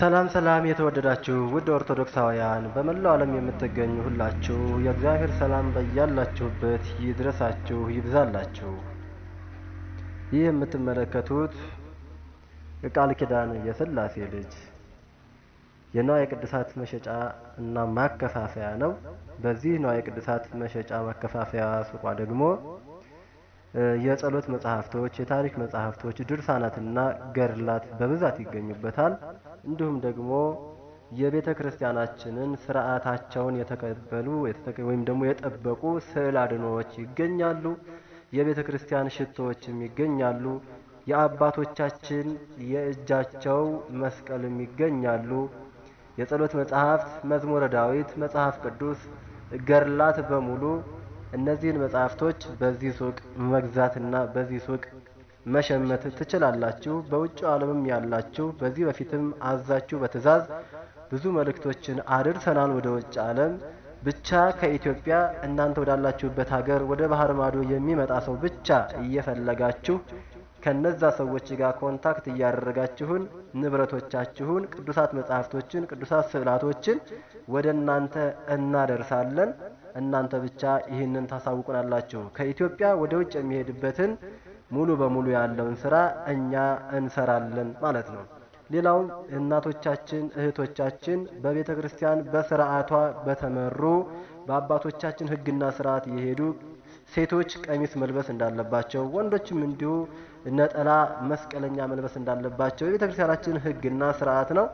ሰላም ሰላም የተወደዳችሁ ውድ ኦርቶዶክሳውያን በመላው ዓለም የምትገኙ ሁላችሁ የእግዚአብሔር ሰላም በያላችሁበት ይድረሳችሁ ይብዛላችሁ። ይህ የምትመለከቱት የቃል ኪዳን የስላሴ ልጅ የንዋየ ቅድሳት መሸጫ እና ማከፋፈያ ነው። በዚህ ንዋየ ቅድሳት መሸጫ ማከፋፈያ ሱቋ ደግሞ የጸሎት መጽሐፍቶች፣ የታሪክ መጽሐፍቶች፣ ድርሳናትና ገድላት በብዛት ይገኙበታል። እንዲሁም ደግሞ የቤተ ክርስቲያናችንን ስርዓታቸውን የተቀበሉ ወይም ደግሞ የጠበቁ ስዕል አድኖዎች ይገኛሉ። የቤተ ክርስቲያን ሽቶዎችም ይገኛሉ። የአባቶቻችን የእጃቸው መስቀልም ይገኛሉ። የጸሎት መጽሐፍት፣ መዝሙረ ዳዊት፣ መጽሐፍ ቅዱስ፣ ገርላት በሙሉ እነዚህን መጽሐፍቶች በዚህ ሱቅ መግዛትና በዚህ ሱቅ መሸመት ትችላላችሁ። በውጭ ዓለምም ያላችሁ በዚህ በፊትም አዛችሁ በትዕዛዝ ብዙ መልእክቶችን አድርሰናል ወደ ውጭ ዓለም። ብቻ ከኢትዮጵያ እናንተ ወዳላችሁበት ሀገር ወደ ባህር ማዶ የሚመጣ ሰው ብቻ እየፈለጋችሁ ከነዛ ሰዎች ጋር ኮንታክት እያደረጋችሁን ንብረቶቻችሁን፣ ቅዱሳት መጽሐፍቶችን፣ ቅዱሳት ስዕላቶችን ወደ እናንተ እናደርሳለን። እናንተ ብቻ ይህንን ታሳውቁናላችሁ። ከኢትዮጵያ ወደ ውጭ የሚሄድበትን ሙሉ በሙሉ ያለውን ስራ እኛ እንሰራለን ማለት ነው። ሌላው እናቶቻችን እህቶቻችን በቤተ ክርስቲያን በስርዓቷ በተመሩ በአባቶቻችን ሕግና ስርዓት የሄዱ ሴቶች ቀሚስ መልበስ እንዳለባቸው፣ ወንዶችም እንዲሁ ነጠላ መስቀለኛ መልበስ እንዳለባቸው የቤተ ክርስቲያናችን ሕግና ስርዓት ነው።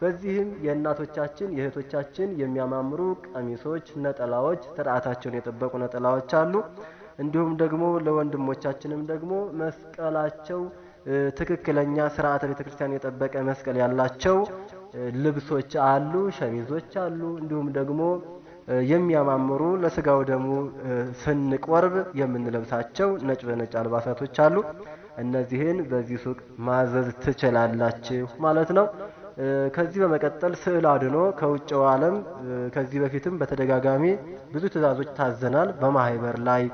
በዚህም የእናቶቻችን የእህቶቻችን የሚያማምሩ ቀሚሶች፣ ነጠላዎች ስርዓታቸውን የጠበቁ ነጠላዎች አሉ። እንዲሁም ደግሞ ለወንድሞቻችንም ደግሞ መስቀላቸው ትክክለኛ ስርዓተ ቤተ ክርስቲያን የጠበቀ መስቀል ያላቸው ልብሶች አሉ፣ ሸሚዞች አሉ። እንዲሁም ደግሞ የሚያማምሩ ለስጋው ደግሞ ስንቆርብ የምንለብሳቸው ነጭ በነጭ አልባሳቶች አሉ። እነዚህን በዚህ ሱቅ ማዘዝ ትችላላችሁ ማለት ነው። ከዚህ በመቀጠል ስዕል አድኖ ከውጭው ዓለም ከዚህ በፊትም በተደጋጋሚ ብዙ ትእዛዞች ታዘናል። በማህበር ላይ፣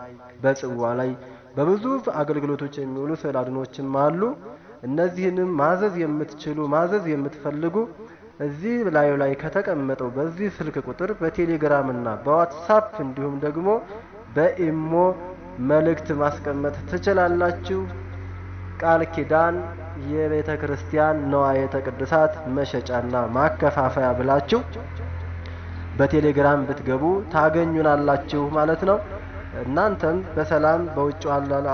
በጽዋ ላይ በብዙ አገልግሎቶች የሚውሉ ስዕል አድኖችም አሉ። እነዚህንም ማዘዝ የምትችሉ ማዘዝ የምትፈልጉ እዚህ ላዩ ላይ ከተቀመጠው በዚህ ስልክ ቁጥር በቴሌግራምና በዋትሳፕ እንዲሁም ደግሞ በኢሞ መልእክት ማስቀመጥ ትችላላችሁ። ቃል ኪዳን የቤተ ክርስቲያን ነዋየተ ቅዱሳት መሸጫና ማከፋፈያ ብላችሁ በቴሌግራም ብትገቡ ታገኙናላችሁ ማለት ነው። እናንተም በሰላም በውጭ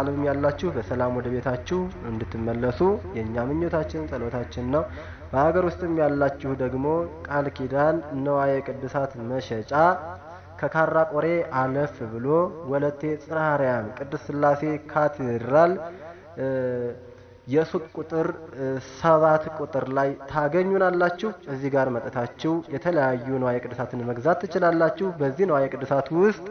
ዓለም ያላችሁ በሰላም ወደ ቤታችሁ እንድትመለሱ የእኛ ምኞታችን ጸሎታችን ነው። በሀገር ውስጥም ያላችሁ ደግሞ ቃል ኪዳን ነዋየ ቅድሳት መሸጫ ከካራ ቆሬ አለፍ ብሎ ወለቴ ጽርሐ አርያም ቅድስት ስላሴ ካቴድራል የሱቅ ቁጥር ሰባት ቁጥር ላይ ታገኙናላችሁ። እዚህ ጋር መጠታችሁ የተለያዩ ንዋየ ቅድሳትን መግዛት ትችላላችሁ። በዚህ ንዋየ ቅድሳት ውስጥ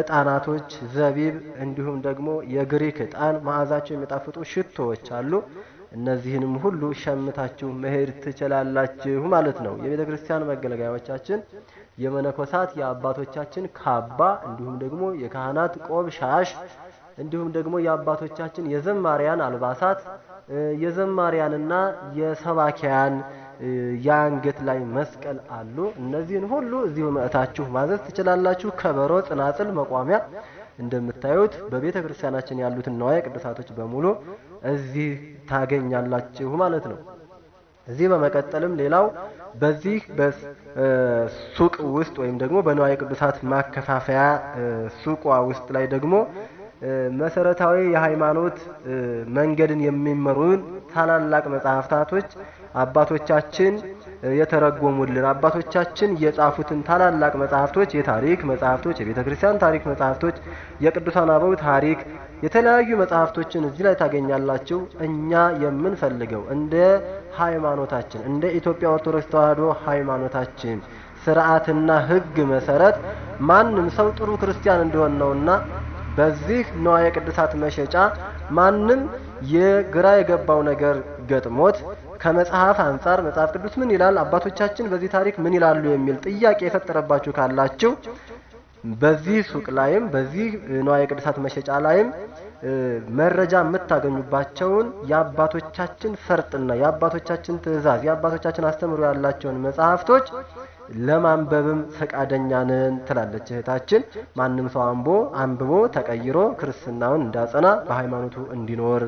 እጣናቶች፣ ዘቢብ እንዲሁም ደግሞ የግሪክ እጣን መዓዛቸው የሚጣፍጡ ሽቶዎች አሉ። እነዚህንም ሁሉ ሸምታችሁ መሄድ ትችላላችሁ ማለት ነው። የቤተ ክርስቲያን መገልገያዎቻችን የመነኮሳት የአባቶቻችን ካባ እንዲሁም ደግሞ የካህናት ቆብ ሻሽ እንዲሁም ደግሞ የአባቶቻችን የዘማሪያን አልባሳት የዘማሪያንና የሰባኪያን የአንገት ላይ መስቀል አሉ። እነዚህን ሁሉ እዚሁ መእታችሁ ማዘዝ ትችላላችሁ። ከበሮ፣ ጽናጽል፣ መቋሚያ እንደምታዩት በቤተ ክርስቲያናችን ያሉትን ነዋየ ቅዱሳቶች በሙሉ እዚህ ታገኛላችሁ ማለት ነው። እዚህ በመቀጠልም ሌላው በዚህ በሱቅ ውስጥ ወይም ደግሞ በንዋየ ቅዱሳት ማከፋፈያ ሱቋ ውስጥ ላይ ደግሞ መሰረታዊ የሃይማኖት መንገድን የሚመሩን ታላላቅ መጽሐፍታቶች አባቶቻችን የተረጎሙልን አባቶቻችን የጻፉትን ታላላቅ መጽሐፍቶች የታሪክ መጽሐፍቶች፣ የቤተ ክርስቲያን ታሪክ መጽሐፍቶች፣ የቅዱሳን አበው ታሪክ፣ የተለያዩ መጽሐፍቶችን እዚህ ላይ ታገኛላችሁ። እኛ የምንፈልገው እንደ ሃይማኖታችን እንደ ኢትዮጵያ ኦርቶዶክስ ተዋሕዶ ሃይማኖታችን ስርዓትና ሕግ መሰረት ማንም ሰው ጥሩ ክርስቲያን እንዲሆን ነውና በዚህ ንዋየ ቅድሳት መሸጫ ማንም የግራ የገባው ነገር ገጥሞት ከመጽሐፍ አንጻር መጽሐፍ ቅዱስ ምን ይላል፣ አባቶቻችን በዚህ ታሪክ ምን ይላሉ የሚል ጥያቄ የፈጠረባችሁ ካላችሁ በዚህ ሱቅ ላይም በዚህ ንዋየ ቅድሳት መሸጫ ላይም መረጃ የምታገኙባቸውን የአባቶቻችን ፈርጥና የአባቶቻችን ትእዛዝ የአባቶቻችን አስተምሮ ያላቸውን መጽሐፍቶች ለማንበብም ፈቃደኛ ነን ትላለች እህታችን። ማንም ሰው አንቦ አንብቦ ተቀይሮ ክርስትናውን እንዳጸና በሃይማኖቱ እንዲኖር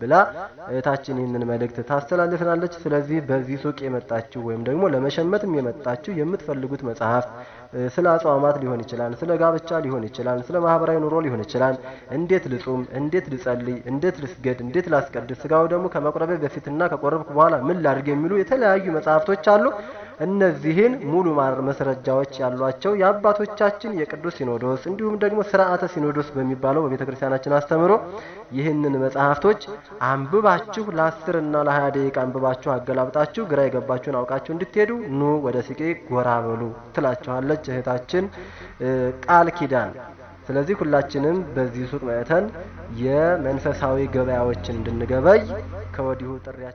ብላ እህታችን ይህንን መልእክት ታስተላልፍናለች። ስለዚህ በዚህ ሱቅ የመጣችሁ ወይም ደግሞ ለመሸመትም የመጣችሁ የምትፈልጉት መጽሐፍ ስለ አጽዋማት ሊሆን ይችላል፣ ስለ ጋብቻ ሊሆን ይችላል፣ ስለ ማህበራዊ ኑሮ ሊሆን ይችላል። እንዴት ልጹም፣ እንዴት ልጸልይ፣ እንዴት ልስገድ፣ እንዴት ላስቀድስ፣ ስጋው ደግሞ ከመቁረቤ በፊትና ከቆረብኩ በኋላ ምን ላድርግ የሚሉ የተለያዩ መጽሐፍቶች አሉ። እነዚህን ሙሉ ማስረጃዎች ያሏቸው የአባቶቻችን የቅዱስ ሲኖዶስ እንዲሁም ደግሞ ስርዓተ ሲኖዶስ በሚባለው በቤተ ክርስቲያናችን አስተምሮ ይህንን መጽሐፍቶች አንብባችሁ ለአስር ለሀያ ደቂቃ አንብባችሁ አገላብጣችሁ ግራ የገባችሁን አውቃችሁ እንድትሄዱ ኑ ወደ ሲቄ ጎራ በሉ ትላችኋለች እህታችን ቃል ኪዳን። ስለዚህ ሁላችንም በዚህ ሱቅ መእተን የመንፈሳዊ ገበያዎችን እንድንገበይ ከወዲሁ ጥሪያ